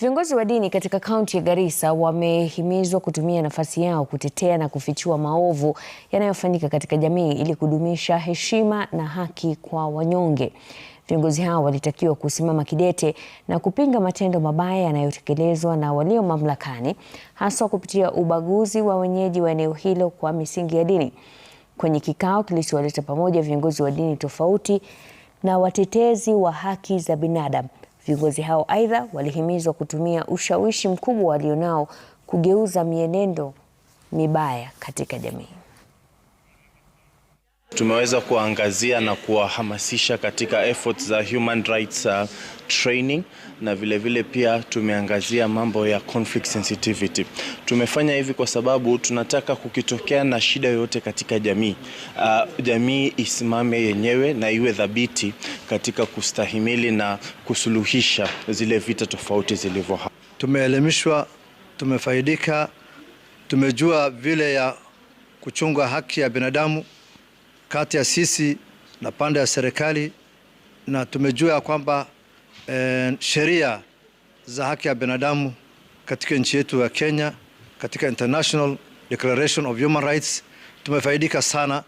Viongozi wa dini katika kaunti ya Garissa wamehimizwa kutumia nafasi yao kutetea na kufichua maovu yanayofanyika katika jamii ili kudumisha heshima na haki kwa wanyonge. Viongozi hao walitakiwa kusimama kidete na kupinga matendo mabaya yanayotekelezwa na walio mamlakani, haswa kupitia ubaguzi wa wenyeji wa eneo hilo kwa misingi ya dini. Kwenye kikao kilichowaleta pamoja viongozi wa dini tofauti na watetezi wa haki za binadamu Viongozi hao aidha walihimizwa kutumia ushawishi mkubwa walionao kugeuza mienendo mibaya katika jamii. Tumeweza kuangazia na kuwahamasisha katika efforts za human rights uh, training na vile vile pia tumeangazia mambo ya conflict sensitivity. Tumefanya hivi kwa sababu tunataka kukitokea na shida yoyote katika jamii, uh, jamii isimame yenyewe na iwe dhabiti katika kustahimili na kusuluhisha zile vita tofauti zilivyo Tumeelimishwa, tumefaidika, tumejua vile ya kuchunga haki ya binadamu kati ya sisi na pande ya serikali, na tumejua ya kwamba e, sheria za haki ya binadamu katika nchi yetu ya Kenya katika International Declaration of Human Rights tumefaidika sana.